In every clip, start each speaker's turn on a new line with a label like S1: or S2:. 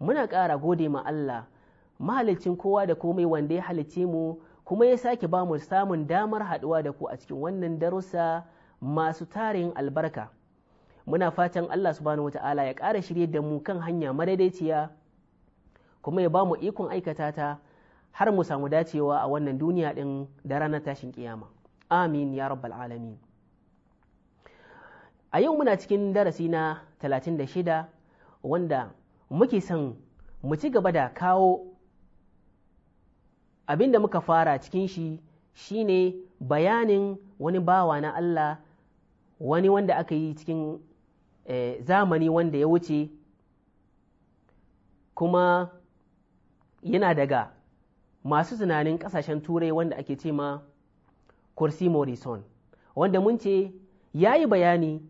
S1: muna kara gode ma Allah mahalicin kowa da komai wanda ya halicce mu kuma ya sake ba mu samun damar haɗuwa da ku a cikin wannan darussa masu tarin albarka muna fatan Allah subhanahu wata'ala ya kara shirye da mu kan hanya madaidaiciya kuma ya ba mu ikon aikata ta har mu samu dacewa a wannan duniya ɗin da ranar tashin kiyama amin ya rabbal alamin a yau muna cikin darasi na 36 wanda muke son mu ci gaba da kawo abin da muka fara cikin shi shine bayanin wani bawa na Allah wani wanda aka yi cikin eh, zamani wanda ya wuce kuma yana daga masu tunanin kasashen turai wanda ake ce ma kursi morrison wanda mun ce ya yi bayani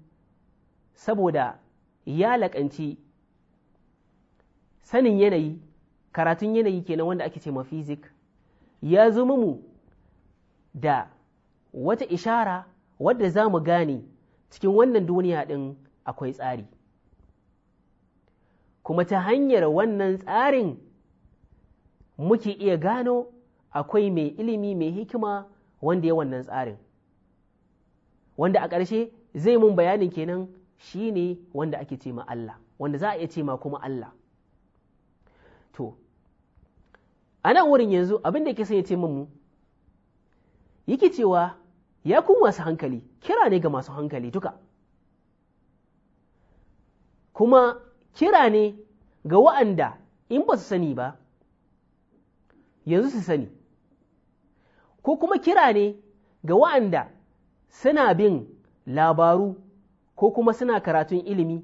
S1: saboda ya laƙanci sanin yanayi karatun yanayi kenan wanda ake ce ma fizik ya zama mu da wata ishara wadda za mu gane cikin wannan duniya ɗin akwai tsari kuma ta hanyar wannan tsarin muke iya gano akwai mai ilimi mai hikima wanda ya wannan tsarin wanda a ƙarshe zai mun bayanin kenan shine wanda ake ce ma Allah wanda za a iya ce ma kuma Allah to a nan wurin yanzu abin da ke son ya ce mu yake cewa ya kun masu hankali kira ne ga masu hankali duka kuma kira ne ga wa'anda in ba su sani ba yanzu su sani ko kuma kira ne ga wa'anda suna bin labaru ko kuma suna karatun ilimi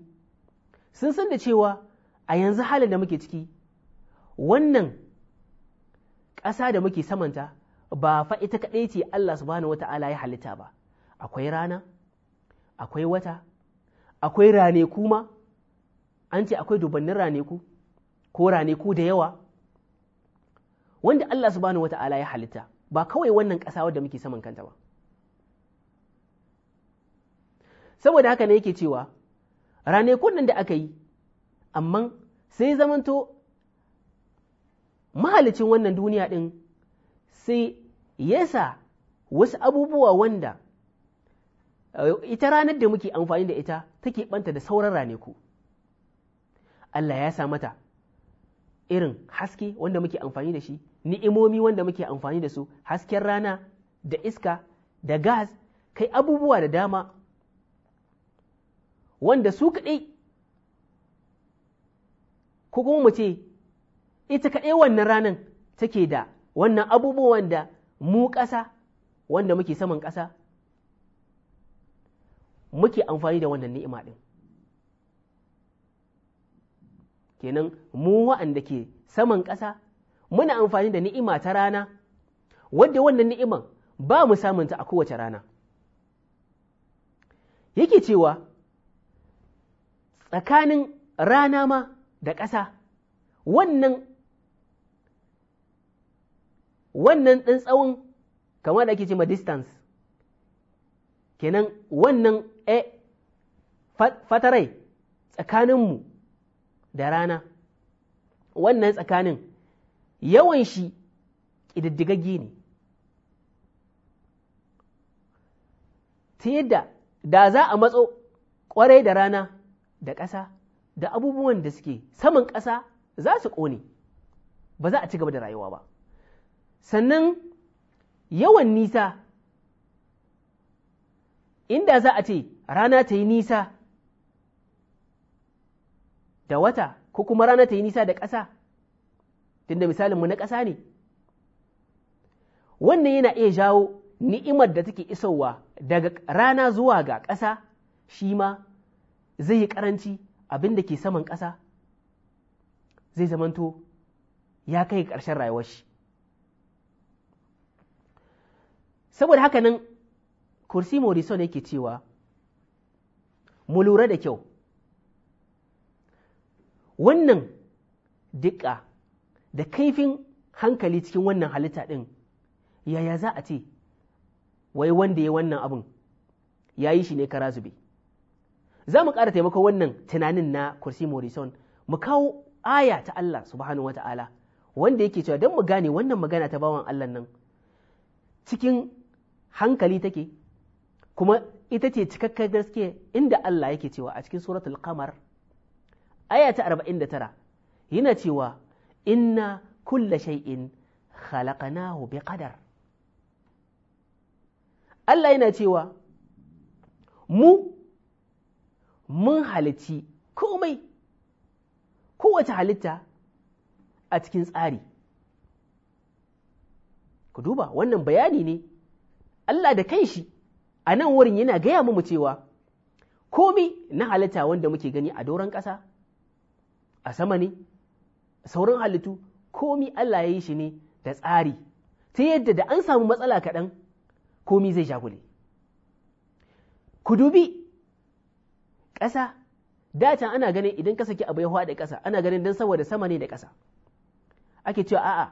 S1: sun san da cewa a yanzu halin da muke ciki wannan ƙasa da muke samanta ba fa ita kaɗai ce Allah subhanahu wata'ala ya halitta ba akwai rana akwai wata akwai rane ma an ce akwai dubannin ku, ko rane ku da yawa wanda Allah subhanahu wata'ala ya halitta ba kawai wannan ƙasa wadda muke saman kanta ba saboda haka ne yake cewa rane nan da aka yi amma sai zamanto mahalicin wannan duniya ɗin sai yasa wasu abubuwa wanda eh, ita ranar da muke amfani da ita take ɓanta da sauran ranaku Allah ya sa mata irin haske wanda muke amfani da shi ni'imomi wanda muke amfani da su hasken rana da iska da gas kai abubuwa da dama wanda su kaɗai ko kuma mu ce ita kaɗai wannan ranan take da wannan abubuwan da mu ƙasa wanda muke saman ƙasa muke amfani da wannan ni'ima ɗin kenan mu wa'anda ke saman ƙasa muna amfani da ni'ima ta rana wadda wannan ni'iman ba mu samunta a kowace rana yake cewa tsakanin rana ma da ƙasa wannan wannan ɗan tsawon kamar da ake ce ma distance kenan wannan e fatarai tsakaninmu da rana wannan tsakanin yawan shi ƙididdigagge ne ta yadda da za a matso ƙwarai da rana da ƙasa da abubuwan da suke saman ƙasa za su ƙone ba za a ci gaba da rayuwa ba sannan yawan nisa inda za a ce rana ta yi nisa da wata ko kuma rana ta yi nisa da ƙasa tunda misalinmu na ƙasa ne wannan yana iya jawo ni'imar da take isowa daga rana zuwa ga ƙasa shi ma zai yi ƙaranci abinda ke saman ƙasa zai zamanto ya kai ƙarshen rayuwar shi saboda haka nan kursi morrison yake cewa mu lura da kyau wannan dika da kaifin hankali cikin wannan halitta ɗin yaya za a ce wai wanda ya wannan abin ya yi shi ne kara zube za mu ƙara taimako wannan tunanin na kursi Morison mu kawo aya ta Allah subhanahu wa ta'ala wanda yake cewa don mu gane wannan magana ta bawan Allah nan cikin hankali take kuma ita ce cikakkar gaske inda Allah yake cewa a cikin suratul qamar aya ta 49 yana cewa inna kulla shay'in khalaqnahu bi qadar Allah yana cewa mu mun halici komai kowace halitta a cikin tsari ku duba wannan bayani ne Allah da kanshi a nan wurin yana gaya mu cewa komi na halitta wanda muke gani a doron ƙasa a sama ne sauran halittu komi Allah ya yi shi ne da tsari ta yadda da an samu matsala kaɗan komi zai shagule ku dubi ƙasa data ana ganin idan ƙasa ki abu ya haɗe ƙasa ana ganin don saboda sama ne da ƙasa ake cewa a'a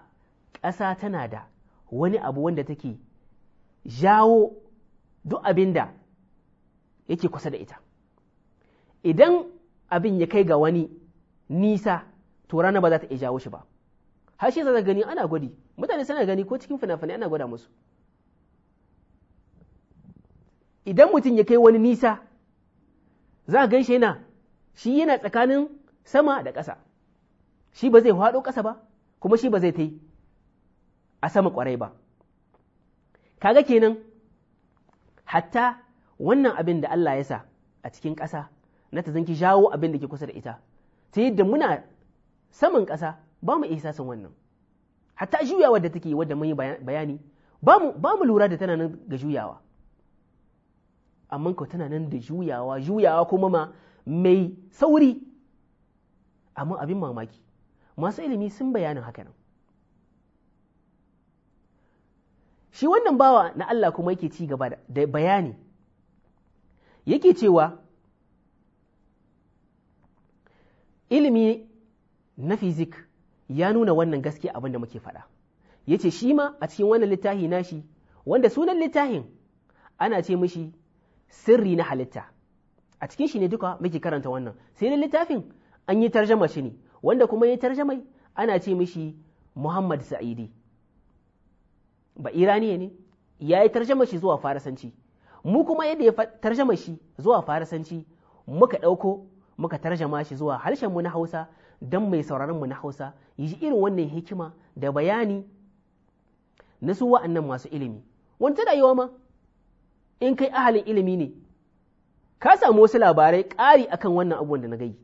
S1: ƙasa tana da wani abu wanda take jawo duk abin da yake kusa da ita idan abin ya kai ga wani nisa to rana ba za ta iya jawo shi ba har shi za gani ana gwadi mutane suna gani ko cikin fina-finai ana gwada musu idan mutum ya kai wani nisa za a gan shi yana shi yana tsakanin sama da ƙasa shi ba zai haɗo ƙasa ba kuma shi ba zai ta yi a sama ƙwarai ba kaga kenan hatta wannan abin da Allah ya sa a cikin ƙasa na ta zanki jawo abin da ke kusa da ita ta yadda muna saman ƙasa ba mu ihsasin wannan hatta juyawa da take wadda mun yi bayani ba mu lura da tana nan ga juyawa amma ko tana nan da juyawa juyawa kuma ma mai sauri amma abin mamaki masu ilimi sun bayanin haka nan shi wannan bawa na Allah kuma yake ci gaba da bayani yake cewa ilimi na fizik ya nuna wannan gaskiya abin da muke faɗa ya ce shi ma a cikin wannan littafi nashi wanda sunan littafin ana ce mishi sirri na halitta a cikin shi ne duka muke karanta wannan sai na littafin an yi tarjama shi ne wanda kuma ya tarjamai ana ce mishi Muhammad Sa'idi ba iraniya ne ya yi tarjama shi zuwa farasanci mu kuma yadda ya tarjama shi zuwa farasanci muka ɗauko muka tarjama shi zuwa harshen mu na hausa don mai sauraron mu na hausa yi irin wannan hikima da bayani na su wa'annan masu ilimi wanta da yawa ma in kai ahalin ilimi ne ka samu wasu labarai ƙari akan wannan abubuwan da na gai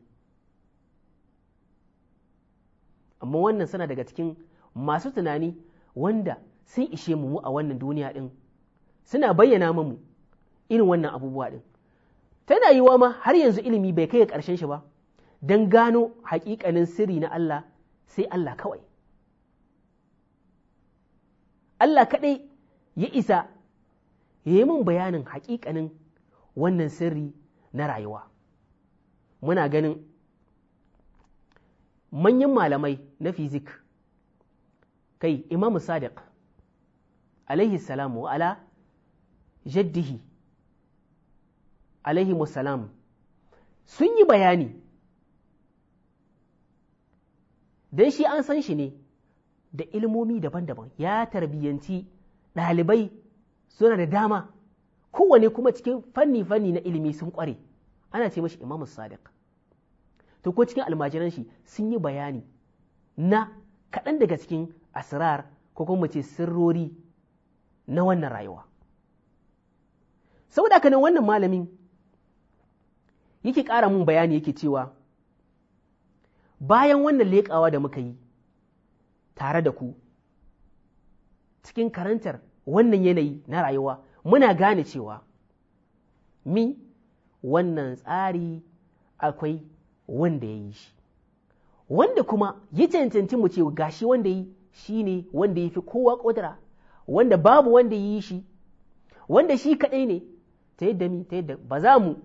S1: amma wannan suna daga cikin masu tunani wanda sun ishe mu mu a wannan duniya ɗin suna bayyana mu irin wannan abubuwa ɗin tana yiwa ma har yanzu ilimi bai kai ga ƙarshen shi ba don gano haƙiƙanin sirri na Allah sai Allah kawai Allah kaɗai ya isa ya yi mun bayanin haƙiƙanin wannan sirri na rayuwa muna ganin manyan malamai na fizik kai imamu sadiq alaihi salamu ala jaddihi alaihi musalam sun yi bayani don shi an san shi ne da ilmomi daban-daban ya tarbiyyanci ɗalibai suna da dama kowane kuma cikin fanni-fanni na ilimi sun kware. ana ce mashi imamu sadiq to ko cikin almajiran shi sun yi bayani na kaɗan daga cikin asrar ko kuma ce sirrori na wannan rayuwa saboda haka nan wannan malamin yake ƙara mun bayani yake cewa bayan wannan leƙawa da muka yi tare da ku cikin karantar wannan yanayi na rayuwa muna gane cewa mi wannan tsari akwai wanda ya yi shi wanda kuma ya cancanci mu ce gashi wanda yi shi ne wanda ya fi kowa ƙudura wanda babu wanda yi shi wanda shi kadai ne ta yadda mi ta yadda ba za mu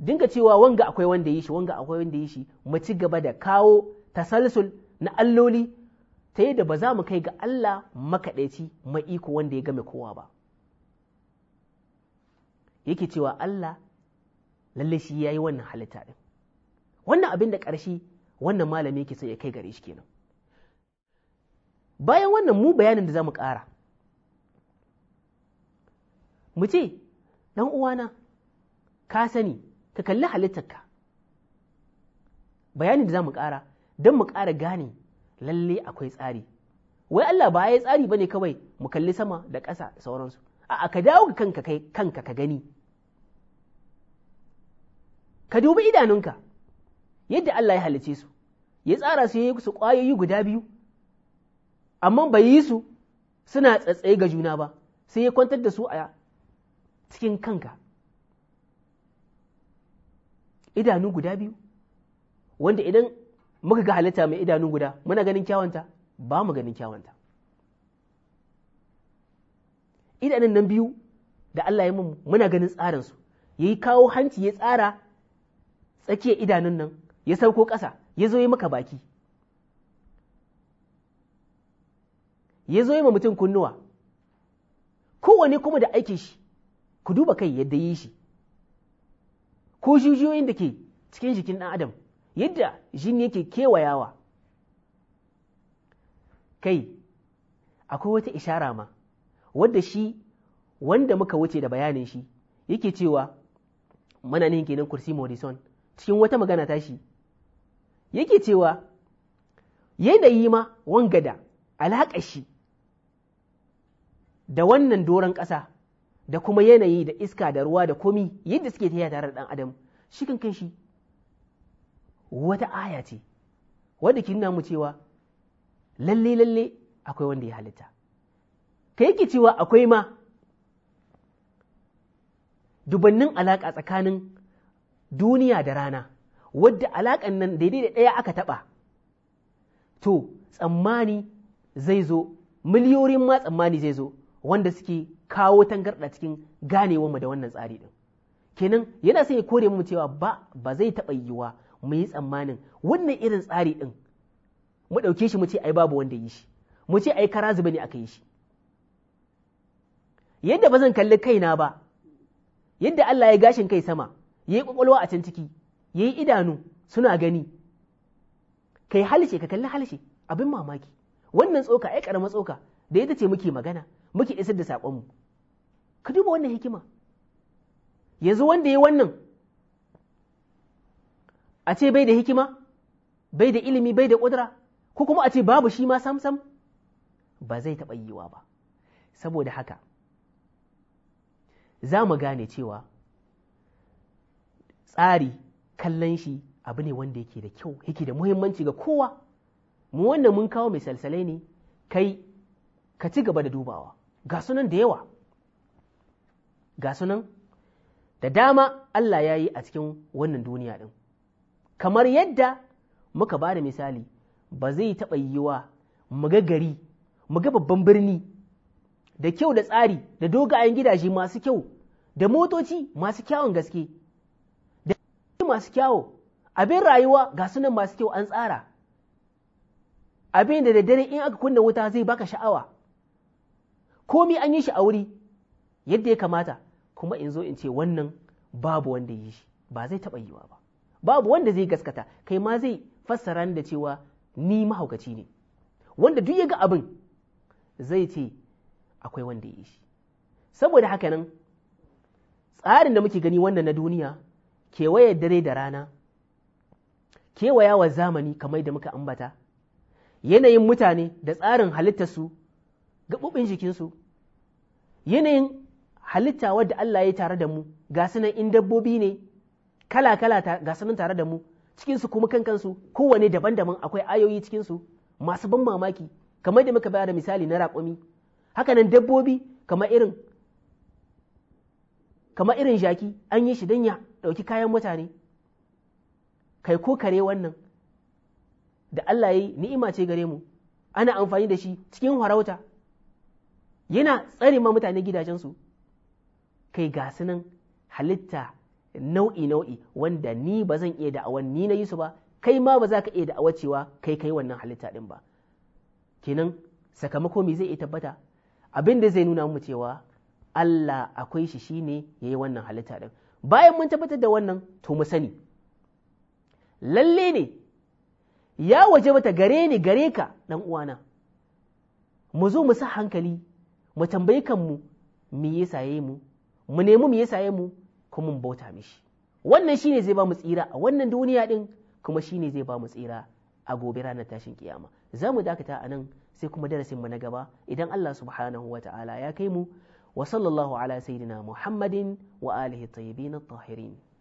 S1: dinga cewa wanga akwai wanda yi shi wanga akwai wanda yi shi mu ci gaba da kawo tasalsul na alloli ta yadda ba za mu kai ga Allah makaɗaici mai iko wanda ya game kowa ba yake cewa Allah lalle shi yayi wannan halitta din wannan abin da ƙarshe wannan malami yake so ya kai gare shi kenan bayan wannan mu bayanin da za mu ƙara mu ce ɗan uwana ka sani ka kalli halittarka bayanin da za mu ƙara don mu ƙara gane lalle akwai tsari wai Allah ba ya tsari ba ne kawai mu kalli sama da ƙasa da sauransu a'a ka dawo ka kanka kai kanka ka gani ka dubi idanunka yadda Allah ya halice su ya tsara su yi su ƙwayoyi guda biyu amma bai yi su suna tsatsaye ga juna ba sai ya kwantar da su a cikin kanka idanu guda biyu wanda idan muka ga halitta mai idanu guda muna ganin kyawanta ba mu ganin kyawanta idanun nan biyu da Allah ya mamu muna ganin tsarinsu ya yi kawo hanci ya tsara tsakiyar idanun nan ya sauko ƙasa ya zo yi maka baki ya zo yi ma mutum kunnuwa kowane kuma da aikin shi ku duba kai yadda yi shi ko jijiyoyin da ke cikin jikin ɗan adam yadda jini yake kewayawa kai akwai wata ishara ma wadda shi wanda muka wuce da bayanin shi yake cewa mana ne kenan kursi morrison cikin wata magana tashi yake cewa yanayi ma wangada alaƙa shi da wannan doron ƙasa da kuma yanayi da iska da ruwa da komi yadda suke tafiya tare da ɗan adam shi kan kai shi wata aya ce wanda ke nuna mu cewa lalle lalle akwai wanda ya halitta ka yake cewa akwai ma dubannin alaƙa tsakanin duniya da rana wadda alaƙan nan daidai da ɗaya aka taɓa to tsammani zai zo miliyorin ma tsammani zai zo wanda suke kawo tangarɗa cikin ganewar mu da wannan tsari ɗin. kenan yana sai ya kore mu cewa ba ba zai taɓa yiwuwa mu yi tsammanin wannan irin tsari ɗin. mu ɗauke shi mu ce ai babu wanda yi shi mu ce ai kara zuba ne aka yi shi yadda ba zan kalli kaina ba yadda Allah ya gashin kai sama ya yi ƙwaƙwalwa a can ciki ya yi idanu suna gani kai halshe ka kalli halshe abin mamaki wannan tsoka ai ƙaramar tsoka da ita ce muke magana muke isar da saƙonmu ka duba wannan hikima yanzu wanda ya wannan a ce bai da hikima bai da ilimi bai da ƙudura ko kuma a ce babu shi ma samsam? ba zai taɓa yiwa ba saboda haka za mu gane cewa tsari kallon shi abu ne wanda yake da kyau yake da muhimmanci ga kowa mu wannan mun kawo misalsalai ne kai ka ci gaba da dubawa ga sunan da yawa ga sunan da dama Allah ya yi a cikin wannan duniya ɗin kamar yadda muka ba da misali ba zai taɓa yiwa mu ga gari muga babban birni da kyau da tsari da dogayen gidaje masu kyau da motoci masu kyawun gaske da masu kyawo abin rayuwa ga sunan masu kyau an tsara abin da daddare in aka kunna wuta zai baka sha'awa komi an yi shi a wuri yadda ya kamata kuma in zo in ce wannan babu wanda yi shi ba zai taɓa yiwa ba babu wanda zai gaskata kai ma zai fassara da cewa ni mahaukaci ne wanda duk ya ga abin zai ce akwai wanda yi shi saboda haka nan tsarin da muke gani wannan na duniya kewaye dare da rana kewayawa zamani kamar da muka ambata yanayin mutane da tsarin halittarsu gaɓuɓin jikinsu yanayin halitta wadda Allah ya yi tare da mu ga sunan in dabbobi ne kala-kala ga sunan tare da mu cikinsu kuma kan kansu kowane daban-daban akwai ayoyi cikinsu masu ban mamaki kamar da muka bayar da misali na raƙumi nan dabbobi kamar irin kamar irin jaki an yi shi don ya ɗauki kayan mutane kai ko kare wannan da Allah ya yi ni'ima ce gare mu ana amfani da shi cikin harauta yana tsare ma mutane gidajensu kai ga nan halitta nau'i nau'i wanda ni ba zan iya da'awar ni na yi su ba kai ma ba za ka iya da'awa cewa kai kai wannan halitta din ba kenan sakamako me zai iya tabbata abin da zai nuna mu cewa Allah akwai shi shine yi wannan halitta din bayan mun tabbatar da wannan to mu sani lalle ne ya waje bata gare ni gare ka dan uwana mu zo mu sa hankali mu tambayi kanmu me yasa yayi mu mu nemi mu saye mu kuma mu bauta mishi wannan shine zai ba mu tsira a wannan duniya din kuma shine zai ba mu tsira a gobe ranar tashin kiyama za mu dakata a nan sai kuma darasin mu na gaba idan Allah subhanahu wa ta'ala ya kai mu wa sallallahu ala sayyidina Muhammadin wa alihi tayyibin at-tahirin